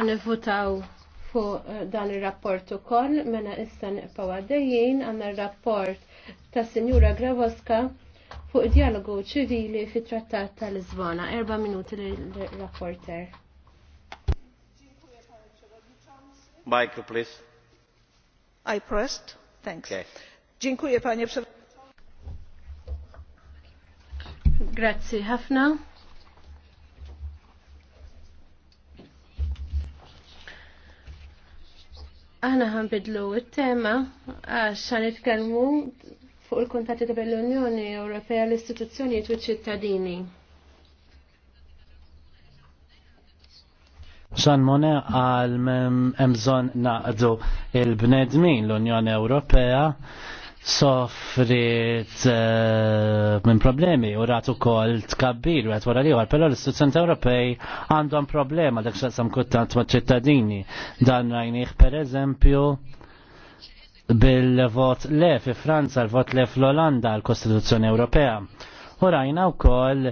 Għanivvutaw fuq eh, dan il-rapport ukoll mena issa neqpaw għanna il rapport ta' Signora Gravoska fuq dialogu ċivili fit trattat tal-Lisbona. Erba minuti l-rapporter. Michael, please. I pressed. Thanks. Okay. Dziękuję, panie przewodniczący. Grazie, ħafna. Aħna bidlu it-tema għax ħan nitkellmu fuq il-kuntatti ta' l-Unjoni Ewropea l-istituzzjonijiet u ċittadini. San Mone għal hemm naqdu il-bnedmin l-Unjoni Ewropea soffrit eh, minn problemi u ratu kol tkabbir u għatwara liħor, pero l istituzjoni Ewropej għandhom problema dak xaqsam kuttant ma' ċittadini. Dan rajniħ per eżempju bil-vot le fi Franza, l-vot le fl-Olanda l-Kostituzzjoni Ewropea. U rajna u kol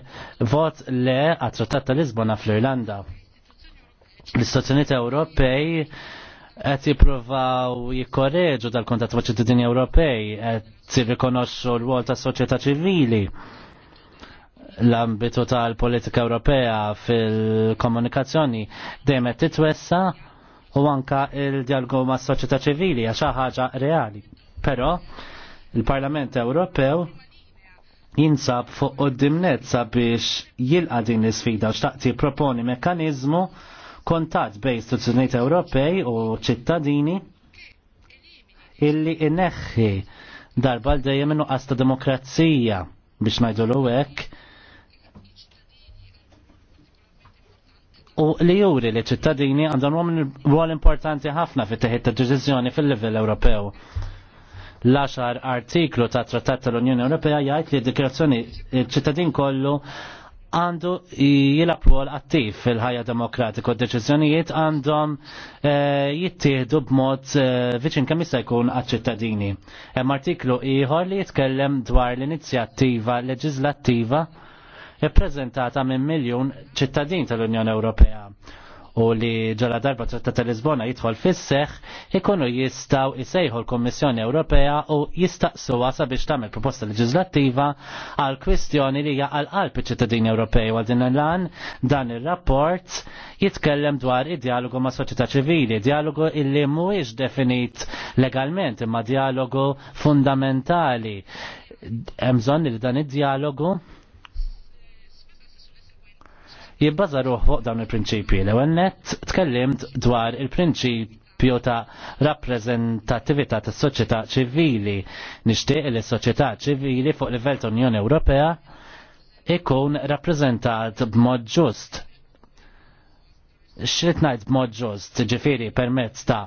vot le għat-Trattat ta' Lisbona fl-Irlanda. l istituzjoni Ewropej qed jiprofaw jikkoreġu dal kontat ma' ċittadini Ewropej, qed jirrikonoxxu l-wol tas-soċjetà ċivili l-ambitu tal-politika Ewropea fil-komunikazzjoni dejjem qed titwessa u anka il dialgu ma' soċjetà ċivili għax ħaġa reali. Però il-Parlament Ewropew jinsab fuq qoddimnet sabiex jilqa' din l-isfida u xtaqti proponi mekkaniżmu kontat bej istituzzjonijiet Ewropej u ċittadini illi inneħħi darba l dejjem minnu qasta demokrazija biex ngħidulu l u li juri li ċittadini għandhom rwol importanti ħafna fit teħid ta' deċiżjoni fil-livell Ewropew. l għaxar artiklu ta' Trattat tal-Unjoni Ewropea jgħid li d-dikrazzjoni ċittadin kollu għandu jilab rol attiv fil-ħajja demokratiku d-deċizjonijiet għandhom e, jittieħdu b'mod e, viċin kemm jista' jkun għaċ-ċittadini. Hemm artiklu ieħor li jitkellem dwar l-inizjattiva leġislattiva ppreżentata minn miljun ċittadin tal-Unjoni Ewropea u li ġala darba trattat tal-Lisbona jidħol fisseħ ikunu jistaw jisejħu l-Kommissjoni Ewropea u jistaqsuha sabiex tagħmel proposta leġislattiva għal kwistjoni li hija għal-qalb iċ-ċittadini Ewropej għal din l-an dan ir-rapport jitkellem dwar id-dialogu ma' soċjetà ċivili, dialogu illi mhuwiex definit legalment imma dialogu fundamentali. Hemm li dan id-dialogu jibbaza ruħ fuq dawn il-prinċipji. L-ewwel nett tkellimt dwar il-prinċipju ta' rappreżentattività tas-soċjetà ċivili. Nixtieq li s-soċjetà ċivili fuq livell ta' Unjoni Ewropea ikun rappreżentat b'mod ġust. Xrid ngħid b'mod ġust, ġifieri permezz ta'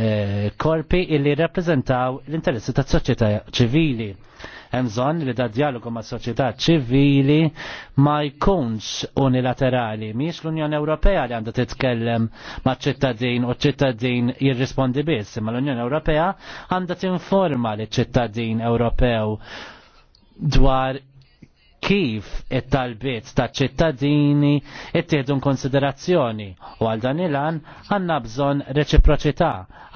Eh, korpi illi rappresentaw l-interessi ta' soċjetà ċivili. Hemm bżonn li da' dialogu ma' soċjetà ċivili ma jkunx unilaterali. Mhijiex l-Unjoni Ewropea li għandha titkellem ma' ċittadin u ċittadin jirrispondi biss, imma l-Unjoni Ewropea għandha tinforma li ċittadin Ewropew dwar kif it-talbiet ta' ċittadini ittieħdu konsiderazzjoni u għal dan il an għanna bżon reċiproċità,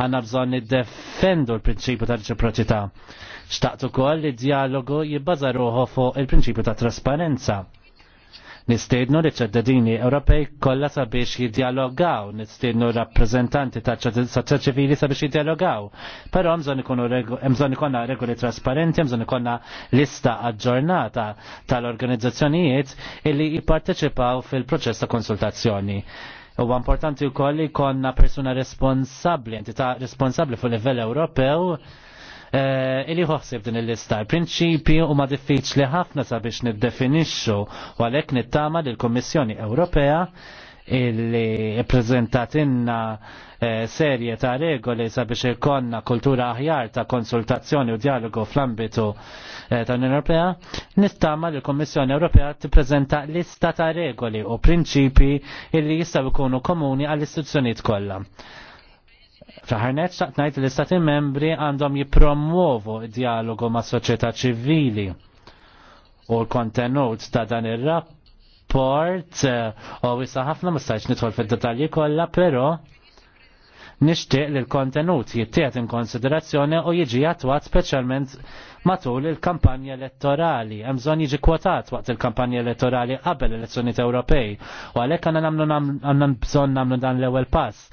għanna bżon id-defendu l-prinċipju ta' reċiproċità. Xtaqtu kol li dialogu jibbaza ruħu fuq il-prinċipju ta' trasparenza Nistednu li ċaddadini Ewropej kollha sabiex jiddialogaw, nistednu rappreżentanti ta' soċjetà ċivili sabiex jiddialogaw. Però hemm bżonn ikollna regoli trasparenti, hemm bżonn ikollna lista aġġornata tal-organizzazzjonijiet illi jipparteċipaw fil-proċess ta' konsultazzjoni. Huwa importanti wkoll li konna persuna responsabbli, entità responsabbli fuq livell Ewropew Eh, illi hoħsib din il-lista. Prinċipi u ma diffiċli ħafna sabiex niddefinixxu u għalhekk nittama lill kummissjoni Ewropea illi prezentatinna eh, serje ta' regoli sabiex ikonna kultura aħjar ta' konsultazzjoni u dialogu fl-ambitu eh, ta' Unjoni Ewropea, nittama li l-Kommissjoni Ewropea tippreżenta lista ta' regoli u prinċipi illi jistgħu jkunu komuni għall-istituzzjonijiet kollha. Fraħarnet xaqtnajt l-istati membri għandhom jipromuovu dialogu ma' soċjetà ċivili u l-kontenut ta' dan ir-rapport eh, u wisa ħafna ma stajtx nidħol fid-detalji kollha, però nixtieq li l-kontenut jittieħed in konsiderazzjoni u jiġi attwat speċjalment matul il-kampanja elettorali. Hemm bżonn jiġi kwotat waqt il-kampanja elettorali qabel l-elezzjonijiet Ewropej. U għalhekk għanna nagħmlu għanna bżonn nagħmlu dan l-ewwel pass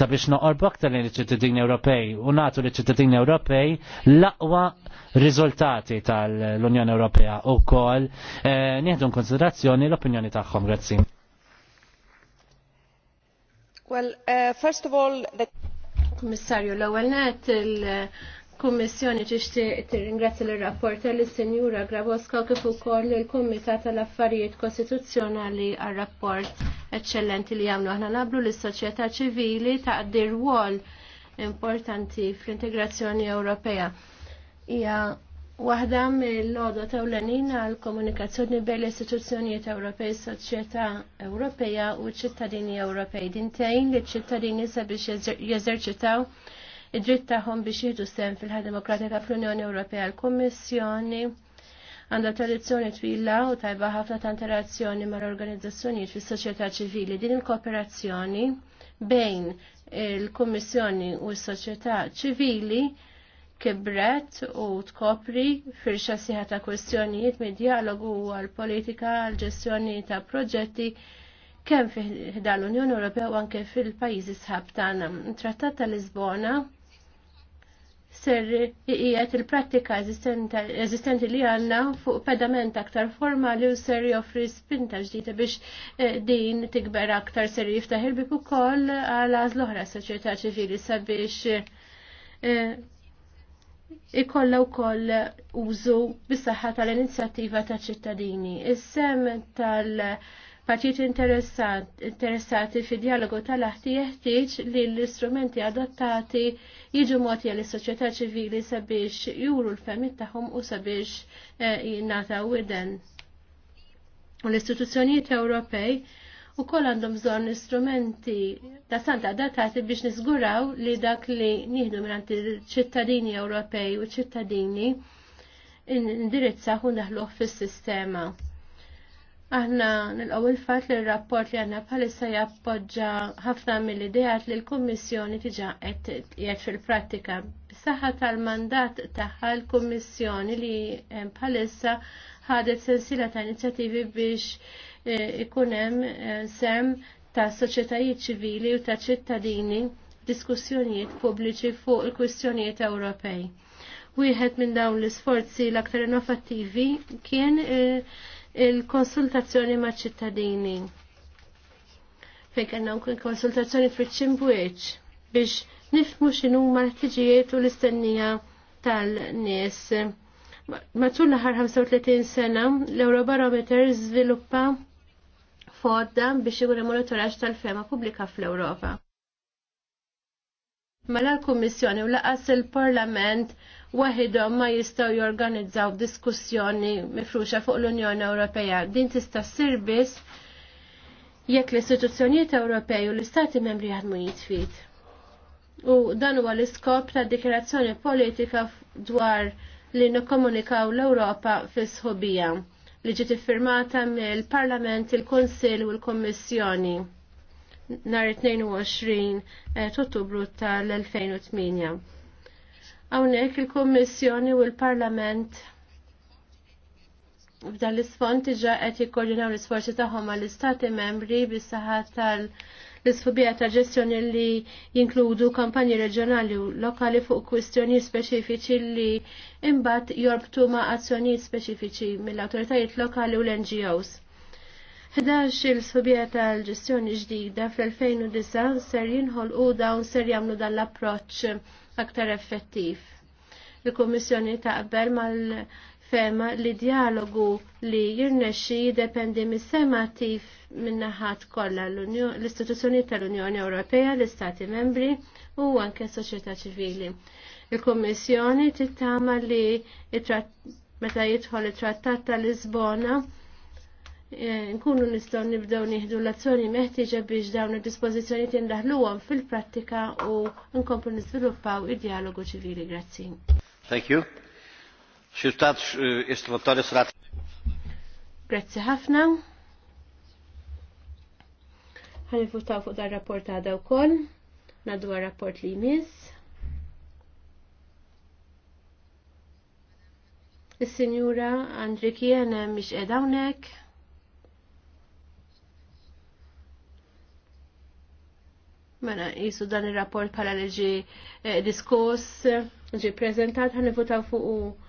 sabiex noqorbok aktar ċittadini Ewropej u nagħtu l ċittadini Ewropej l-aqwa riżultati tal-Unjoni Ewropea u kol eh, nieħdu konsiderazzjoni l-opinjoni tagħhom. Grazzi. Well, uh, Kommissarju, l-ewwel nett il-Kummissjoni tixtieq tirringrazzja lir rapporter lis sinjura Grabowska kif ukoll il-Kumitat tal-Affarijiet Kostituzzjonali għar-rapport eċċellenti li jagħmlu aħna nablu lis-soċjetà ċivili taqdir wol importanti fl-integrazzjoni Ewropea. Hija Waħda mill-loda tewlenin għal komunikazzjoni bejn l-istituzzjonijiet Ewropej, soċjetà Ewropeja u ċittadini Ewropej. Din tgħin li ċittadini sabiex jeżerċitaw id-dritt tagħhom biex jieħdu sehem fil-ħajja demokratika fl-Unjoni Ewropea l-Kummissjoni għandha tradizzjoni twila u tajba ħafna ta' interazzjoni mar organizzazzjonijiet fis-soċjetà ċivili. Din il-kooperazzjoni bejn il-Kummissjoni u s-soċjetà ċivili kibret u tkopri firxa siħa ta' kwestjonijiet mid dialogu għal-politika għal-ġestjoni ta' proġetti kemm fiħda l-Unjoni Ewropea u anke fil-pajjiżi sħab tagħna. Trattat ta' Lisbona ser iqiet il-prattika eżistenti li għanna fuq pedament aktar formali u ser joffri spinta ġdida biex eh, din tikber aktar ser jiftaħ bi ukoll għal għażl oħra soċjetà ċivili sabiex eh, ikolla u koll użu bis-saħħa tal-inizjattiva ta' ċittadini. Is-sem tal-partijiet interessati fi dialogu tal-aħti jeħtieġ li l-istrumenti adattati jiġu moti għal soċjetà ċivili sabiex juru l femmit tagħhom u sabiex eh, jinnata widen. U l-istituzzjonijiet Ewropej u koll għandhom bżonn istrumenti ta' santa adattati biex nisguraw li dak li nieħdu minn ċittadini Ewropej u ċittadini indirizza u naħluħ fis-sistema. Aħna nilqgħu il-fatt li r-rapport li għandna bħalissa jappoġġa ħafna mill-idejat li l-Kummissjoni tiġa qed qiegħed fil-prattika. Saħħa tal-mandat tagħha l-Kummissjoni li bħalissa ħadet sensiela ta' inizjattivi biex E, ikun hemm e, sem ta' soċjetajiet ċivili u ta' ċittadini diskussjonijiet pubbliċi fuq il-kwistjonijiet Ewropej. Wieħed minn dawn l-isforzi l-aktar innovattivi kien e, il-konsultazzjoni ma' ċittadini. Fejn kellna konsultazzjoni ċimbwieċ biex nifmu x'inhuma l-ħtiġijiet u l-istennija tal-nies. Matul l-ħar 35 sena, l-Eurobarometer żviluppa fodda biex jgħu monitoraġġ tal-fema pubblika fl-Ewropa. Mela l-Kummissjoni u laqas il-Parlament waħidhom ma jistgħu jorganizzaw diskussjoni mifruxa fuq l-Unjoni Ewropea. Din tista' ssir biss jekk l-istituzzjonijiet Ewropej u l-Istati membri jaħdmu jitfid. U dan huwa l-iskop ta' dikjerazzjoni politika dwar li nikkomunikaw l-Ewropa fis-sħobija li ġiet iffirmata mill-Parlament, il-Konsil u l-Kommissjoni nhar 22 Ottubru tal-2008. Hawnhekk il-Kommissjoni u l-Parlament f'dan l-isfond diġà qed jikkoordinaw l-isforzi tagħhom għall-Istati membri bis-saħħa tal- l-isfubija ta' ġestjoni li jinkludu kampanji reġjonali u lokali fuq kwistjoni speċifiċi li imbat jorbtu ma' azzjonijiet speċifiċi mill-autoritajiet lokali u l-NGOs. 11 il-sfubija tal-ġestjoni ġdida fl-2009 ser jinħolqu dawn ser jagħmlu dan l-approċċ aktar effettiv. Il-Kummissjoni taqbel mal fema li dialogu li jirnexxi jiddependi mis tif minnaħat kollha l l-istituzjoni tal-Unjoni Ewropea, l-Istati Membri u anke soċjetà ċivili. Il-Kummissjoni tittama li meta jidħol it-Trattat tal-Lisbona eh, nkunu nistgħu nibdew nieħdu l-azzjoni meħtieġa biex dawn id-dispożizzjoni tindaħluhom fil-prattika u nkomplu niżviluppaw id-dialogu ċivili. Grazzi. Thank you. Xiftat srat. Grazzi ħafna. Ħani votaw fuq dar rapport għada wkoll. Nadu rapport li jmiss. Is-Sinjura Andriki mhix qiegħda hawnhekk. Mena, jisu dan il-rapport pala liġi eh, diskos, liġi diskuss, prezentat, għan votaw fuq